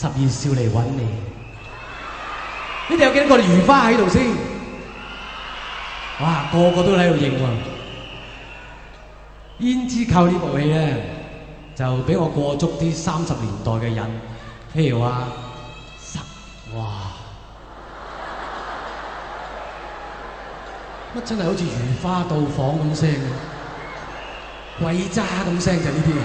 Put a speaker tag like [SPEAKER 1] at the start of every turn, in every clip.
[SPEAKER 1] 十二少嚟揾你，呢度有幾多個如花喺度先？哇，個個都喺度認喎。胭脂扣呢部戲咧，就俾我過足啲三十年代嘅癮。譬如話，哇，乜真係好似如花到訪咁聲嘅，鬼渣咁聲就呢啲啊！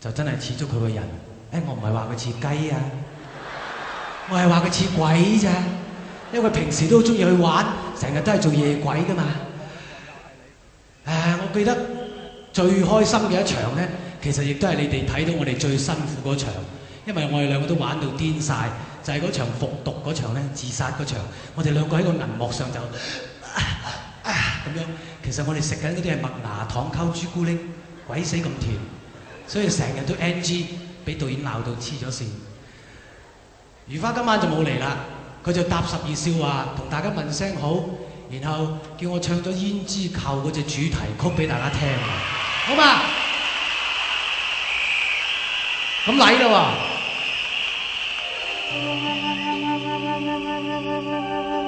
[SPEAKER 1] 就真係似足佢個人，誒我唔係話佢似雞啊，我係話佢似鬼咋，因為佢平時都好中意去玩，成日都係做夜鬼㗎嘛。誒，我記得最開心嘅一場咧，其實亦都係你哋睇到我哋最辛苦嗰場，因為我哋兩個都玩到癲晒，就係嗰場服毒嗰場咧，自殺嗰場，我哋兩個喺個銀幕上就咁樣，其實我哋食緊嗰啲係麥芽糖溝朱古力，鬼死咁甜。所以成日都 NG，俾導演鬧到黐咗線。如花今晚就冇嚟啦，佢就搭十二笑話同大家問聲好，然後叫我唱咗《胭脂扣》嗰隻主題曲俾大家聽，好嘛？咁嚟啦喎！